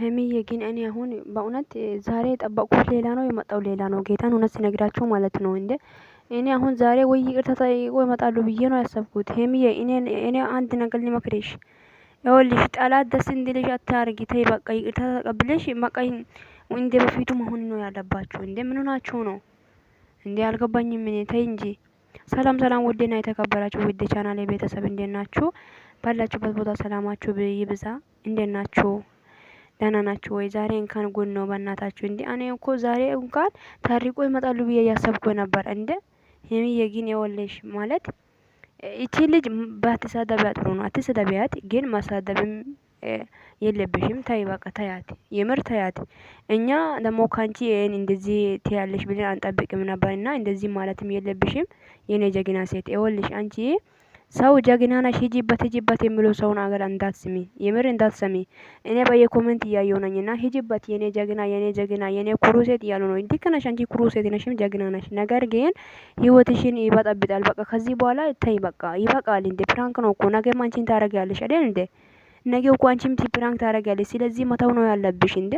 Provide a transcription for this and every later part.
ህምዬ ግን እኔ አሁን በእውነት ዛሬ የጠበቅኩት ሌላ ነው የመጣው ሌላ ነው። ጌታን እውነት ሲነግራቸው ማለት ነው እንደ እኔ አሁን ዛሬ ወይ ይቅርታ ጠይቆ ይመጣሉ ብዬ ነው ያሰብኩት። ህምዬ እኔ አንድ ነገር ልመክርሽ፣ ይኸውልሽ ጠላት ደስ እንዲልሽ አታርጊ። ተይ በቃ ይቅርታ ተቀብለሽ በቃ እንደ በፊቱ መሆን ነው ያለባችሁ። እንደ ምን ሆናችሁ ነው እንዴ? አልገባኝም እኔ ተይ እንጂ። ሰላም ሰላም፣ ውዴና የተከበራችሁ ውዴ ቻናል ቤተሰብ እንዴት ናችሁ? ባላችሁበት ቦታ ሰላማችሁ ይብዛ። እንዴት ናችሁ? ደህና ናችሁ ወይ? ዛሬ እንኳን ጎን ነው በእናታችሁ። እንዲ እኔ እኮ ዛሬ እንኳን ታርቆ ይመጣሉ ብዬ እያሰብኩ ነበር። እንደ ሀይሚዬ የግን የወለሽ ማለት ይቺ ልጅ ባትሳደቢያት ጥሩ ነው። አትሳደቢያት፣ ግን ማሳደብም የለብሽም። ታይ በቃ ታያት፣ የምር ታያት። እኛ ደግሞ ካንቺ ይህን እንደዚህ ትያለሽ ብለን አንጠብቅም ነበር እና እንደዚህ ማለትም የለብሽም የኔ ጀግና ሴት። ይኸውልሽ አንቺ ሰው ጀግና ነሽ ሂጂበት ሂጂበት የሚለው ሰውን አገር እንዳትስሚ፣ የምር እንዳትሰሚ። እኔ በየኮሜንት እያየሁ ነኝ እና ሂጂበት የኔ ጀግና የኔ ጀግና የኔ ኩሩ ሴት እያሉ ነው። ልክ ነሽ አንቺ ኩሩ ሴት ነሽም ጀግና ነሽ፣ ነገር ግን ህይወትሽን ይበጠብጣል። በቃ ከዚህ በኋላ ተይ፣ በቃ ይበቃል። እንዴ ፕራንክ ነው እኮ ነገም አንቺን ታደርጊያለሽ አይደል እንዴ? ነገ እኮ አንቺም ፕራንክ ታደርጊያለሽ። ስለዚህ መተው ነው ያለብሽ እንዴ።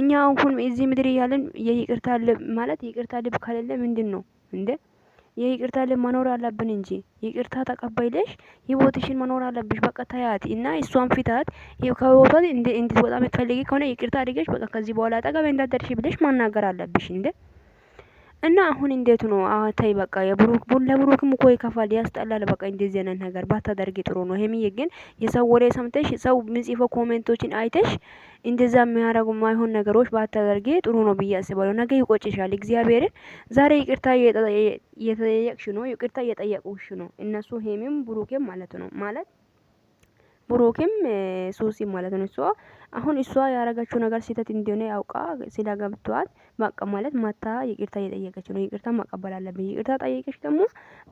እኛ አሁን እዚህ ምድር እያለን የይቅርታ ልብ ማለት ይቅርታ ልብ ከሌለ ምንድን ነው እንዴ? የይቅርታ ላይ መኖር አለብን እንጂ ይቅርታ ተቀበለሽ ህይወትሽን መኖር አለብሽ። በቃ ታያት እና እሷን ፊታት ከህይወቷ እንድትወጣ የምትፈልጊ ከሆነ ይቅርታ አድርገሽ በቃ ከዚህ በኋላ አጠገቤ እንዳትደርሺ ብለሽ ማናገር አለብሽ እንዴ እና አሁን እንዴት ነው? አተይ በቃ የብሩክ ቡን ለብሩክም እኮ ይከፋል፣ ያስጠላል። በቃ እንደዚህ አይነት ነገር ባታደርጊ ጥሩ ነው። ሄሚዬ ግን የሰው ወሬ ሰምተሽ ሰው ምጽፎ ኮሜንቶችን አይተሽ እንደዛ የሚያደርጉ ማይሆን ነገሮች ባታደርጊ ጥሩ ነው ብዬ አስባለሁ። ነገ ይቆጭሻል። እግዚአብሔርን ዛሬ ይቅርታ እየጠየቅሽ ነው፣ ይቅርታ እየጠየቁሽ ነው እነሱ ሄሚም ብሩኬም ማለት ነው ማለት ብሩክም ሱሲም ማለት ነው። እሷ አሁን እሷ ያረጋችው ነገር ስህተት እንደሆነ ያውቃ ስለ ገብቷት በቃ ማለት ማታ ይቅርታ እየጠየቀች ነው። ይቅርታ ማቀበል አለብኝ። ይቅርታ ጠየቀች ደግሞ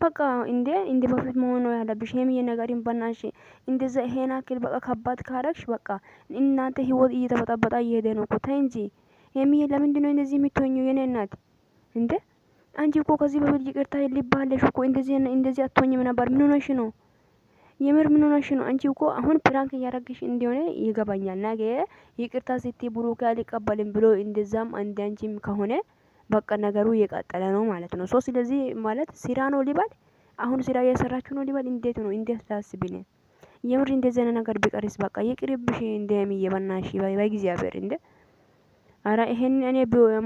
በቃ እንዴ እንዴ በፊት መሆን ነው ያለብሽ። ይሄም የነገሪን በናሽ እንደዛ ይሄን አክል በቃ ከባድ ካረግሽ በቃ እናንተ ህይወት እየተበጣበጣ እየሄደ ነው እኮ ተይ እንጂ። ይሄም ለምንድን ነው እንደዚህ የምትሆኚው? የኔ እናት እንዴ አንቺ እኮ ከዚህ በፊት ይቅርታ ይልባለሽ እኮ እንደዚህ እንደዚህ አትሆኝም ነበር። ምን ሆነሽ ነው? የምር ምን ሆነሽ ነው አንቺ? እኮ አሁን ፕራንክ እያረግሽ እንደሆነ ይገባኛል። ነገ ይቅርታ ስቲ ብሩክ አልቀበልም ብሎ እንደዛም አንድ አንቺም ከሆነ በቃ ነገሩ እየቀጠለ ነው ማለት ነው። ሶ ስለዚህ ማለት ስራ ነው ሊባል አሁን ስራ እየሰራችሁ ነው ሊባል እንዴት ነው እንዴት ታስብኝ? የምር እንደዚህ ነገር ቢቀርስ በቃ ይቅርብሽ እንደሚየበናሽ በይ በእግዚአብሔር እንደ አረ ይሄን እኔ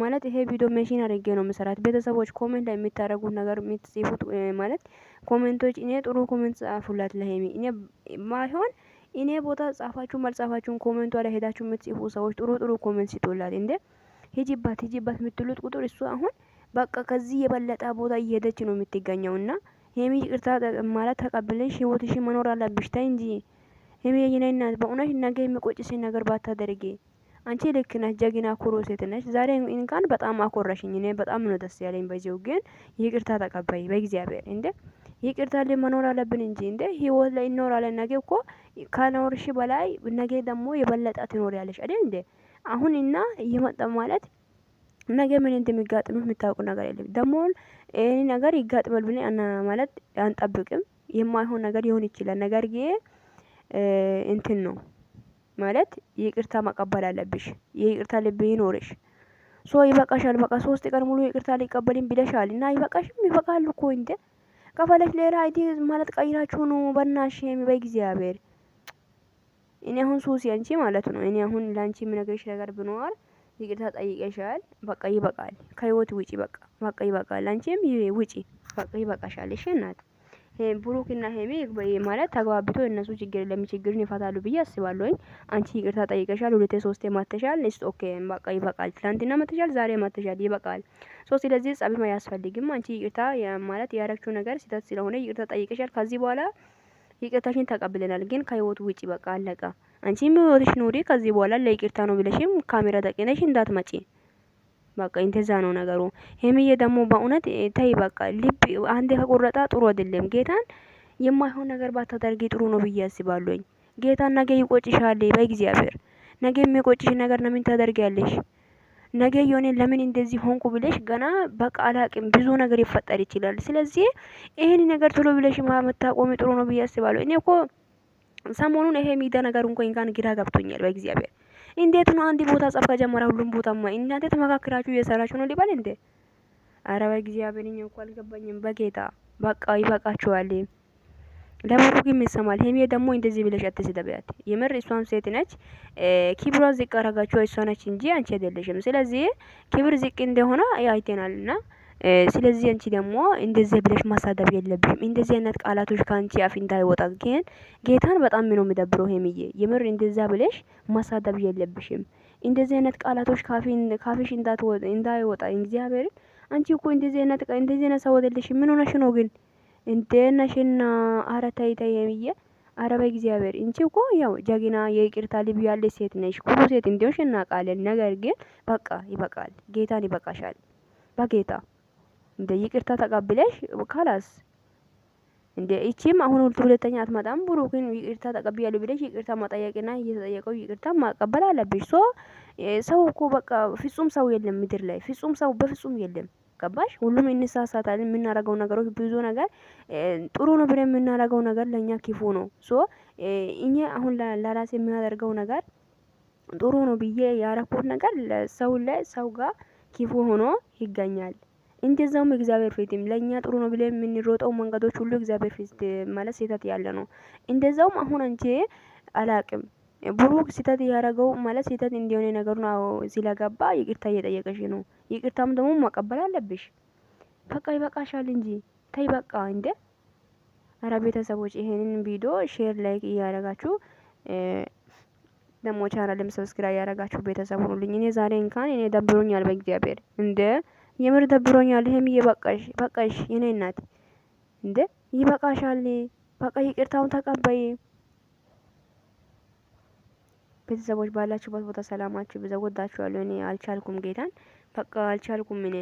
ማለት ይሄ ቪዲዮ መሽን አድርጌ ነው የምሰራት። ቤተሰቦች ኮሜንት ላይ የምታደርጉት ነገር የምትጽፉት ማለት ኮሜንቶች እኔ ጥሩ ኮሜንት ጻፉላት ለሄሚ እኔ ማይሆን እኔ ቦታ ጻፋችሁ መልጻፋችሁን ኮሜንቱ ላይ ሄዳችሁ የምትጽፉ ሰዎች ጥሩ ጥሩ ኮሜንት ሲጡላት እንዴ ሂጂባት ሂጂባት የምትሉት ቁጥር እሱ አሁን በቃ ከዚህ የበለጠ ቦታ እየሄደች ነው የምትገኘው። እና ሄሚ ይቅርታ ማለት ተቀብለሽ ህይወትሽ መኖር አለብሽ። ታይ እንጂ ሄሚ የኔ እናት በእውነት ነገ የሚቆጭሽን ነገር ባታደርጊ አንቺ ልክ ነሽ፣ ጀግና ኩሩ ሴት ነሽ። ዛሬ እንኳን በጣም አኮረሽኝ። እኔ በጣም ነው ደስ ያለኝ። በዚሁ ግን ይቅርታ ተቀባይ በእግዚአብሔር እንዴ ይቅርታ መኖር አለብን እንጂ እንደ ህይወት ላይ እንኖራለን። ነገ እኮ ከኖርሽ በላይ ነገ ደግሞ የበለጠ ትኖር ያለሽ አይደል እንዴ? አሁን እና እየመጣ ማለት ነገ ምን እንደሚጋጥምህ የምታውቁ ነገር የለም። ደግሞ ይህ ነገር ይጋጥማል ብለን አና ማለት አንጠብቅም። የማይሆን ነገር ሊሆን ይችላል። ነገር ግን እንትን ነው ማለት ይቅርታ መቀበል አለብሽ። የይቅርታ ልብ ይኖርሽ። ሶ ይበቃሻል። በቃ ሶስት ቀን ሙሉ ይቅርታ ሊቀበልኝ ብለሻል እና ይበቃሽም። ይበቃሉ እኮ እንደ ከፈለሽ ሌላ አይቲ ማለት ቀይራችሁ ነው በናሽ የሚበይ እግዚአብሔር። እኔ አሁን ሱሲ ያንቺ ማለት ነው እኔ አሁን ለአንቺ የምነግርሽ ነገር ብኖር ይቅርታ ጠይቀሻል። በቃ ይበቃል። ከህይወት ውጪ በቃ በቃ ይበቃል። አንቺም ውጪ በቃ ይበቃሻል። እሺ እናት ብሩክና ሄሜ ማለት ተግባብቶ እነሱ ችግር ለሚችግሩን ይፈታሉ ብዬ አስባለሁኝ። አንቺ ይቅርታ ጠይቀሻል፣ ሁለቴ ሶስቴ ማተሻል። እስ ኦኬ በቃ ይበቃል። ትላንትና ማተሻል፣ ዛሬ ማተሻል፣ ይበቃል። ሶ ስለዚህ ጸብም አያስፈልግም። አንቺ ይቅርታ ማለት ያረግችው ነገር ስህተት ስለሆነ ይቅርታ ጠይቀሻል። ከዚህ በኋላ ይቅርታሽን ተቀብለናል፣ ግን ከህይወቱ ውጭ በቃ አለቀ። አንቺም ህይወትሽ ኑሪ። ከዚህ በኋላ ለይቅርታ ነው ብለሽም ካሜራ ተቀነሽ እንዳትመጪ በቃ እንደዛ ነው ነገሩ። ሄምዬ ደግሞ በእውነት ተይ በቃ ልብ አንዴ ከቆረጣ ጥሩ አይደለም። ጌታን የማይሆን ነገር ባታደርጊ ጥሩ ነው ብዬ አስባለሁኝ። ጌታን ነገ ይቆጭሻል። በእግዚአብሔር ነገ የሚቆጭሽ ነገር ለምን ታደርጊያለሽ? ነገ የሆነ ለምን እንደዚህ ሆንኩ ብለሽ ገና በቃ አላቅም ብዙ ነገር ይፈጠር ይችላል። ስለዚህ ይሄን ነገር ቶሎ ብለሽ መታቆሚ ጥሩ ነው ብዬ አስባለሁ። እኔ እኮ ሰሞኑን ይሄ ሚዲያ ነገር እንኳን ግራ ገብቶኛል በእግዚአብሔር እንዴት ነው አንድ ቦታ ጸብ ከጀመረ ሁሉም ቦታ ማ እናንተ ተመካክራችሁ እየሰራችሁ ነው ሊባል እንዴ? አረ በእግዚአብሔር እኔ እንኳን አልገባኝም። በጌታ በቃ ይበቃችኋል። ለብሩክ ይሰማል። ሄሜ ደግሞ እንደዚህ ብለሽ አትስደቢያት። የምር እሷም ሴት ነች። ክብሯ ዝቅ አረጋችሁ እሷ ነች እንጂ አንቺ አይደለሽም። ስለዚህ ክብር ዝቅ እንደሆነ አይተናልና ስለዚህ አንቺ ደግሞ እንደዚህ ብለሽ ማሳደብ የለብሽም። እንደዚህ አይነት ቃላቶች ከአንቺ አፍ እንዳይወጣ። ግን ጌታን በጣም ነው የሚደብረው ሄምዬ፣ የምር እንደዛ ብለሽ ማሳደብ የለብሽም። እንደዚህ አይነት ቃላቶች ካፍሽ እንዳይወጣ። እግዚአብሔር አንቺ እኮ እንደዚህ አይነት እንደዚህ አይነት ሰው አይደለሽ። ምን ሆነሽ ነው ግን እንደነሽና? ኧረ ተይ ተይ ሄምዬ፣ ኧረ በእግዚአብሔር አንቺ እኮ ያው ጀግና የይቅርታ ልብ ያለ ሴት ነሽ። ኩሩ ሴት እንደሆንሽ እናውቃለን። ነገር ግን በቃ ይበቃል። ጌታን ይበቃሻል በጌታ እንደ ይቅርታ ተቀብለሽ ካላስ እንደ እቺም አሁን ሁለት ሁለተኛ አትመጣም። ብሩክን ይቅርታ ተቀብያለሁ ብለሽ ይቅርታ መጠየቅና እየተጠየቀው ይቅርታ ማቀበል አለብሽ። ሶ ሰው እኮ በቃ ፍጹም ሰው የለም ምድር ላይ ፍጹም ሰው በፍጹም የለም። ገባሽ? ሁሉም እንሳሳታለን። የምናረገው ነገሮች ብዙ ነገር ጥሩ ነው ብለን የምናረገው ነገር ለእኛ ክፉ ነው። ሶ እኛ አሁን ለራሴ የሚያደርገው ነገር ጥሩ ነው ብዬ ያረኩት ነገር ሰው ላይ ሰው ጋር ክፉ ሆኖ ይገኛል። እንደዛውም እግዚአብሔር ፊትም ለእኛ ጥሩ ነው ብለን የምንሮጠው መንገዶች ሁሉ እግዚአብሔር ፊት ማለት ስህተት ያለ ነው። እንደዛውም አሁን አንቺ አላቅም ብሩክ ስህተት እያደረገው ማለት ስህተት እንዲሆነ ነገሩን አዎ ሲለገባ ይቅርታ እየጠየቀሽ ነው። ይቅርታም ደግሞ መቀበል አለብሽ። በቃ ይበቃሻል እንጂ ተይ በቃ እንደ አረ ቤተሰቦች ይሄንን ቪዲዮ ሼር ላይክ እያደረጋችሁ ደግሞ ቻናልም ሰብስክራይብ እያደረጋችሁ ቤተሰብ ሁኑልኝ። እኔ ዛሬ እንኳን እኔ ደብሮኛል በእግዚአብሔር እንዴ የምር ደብሮኛል። ሀይሚዬ በቃሽ በቃሽ፣ የኔ እናት እንደ ይበቃሻል። በቃ ይቅርታውን ተቀበይ። ቤተሰቦች ባላችሁበት ቦታ ሰላማችሁ ወዳችኋለሁ። እኔ አልቻልኩም ጌታን በቃ አልቻልኩም እኔ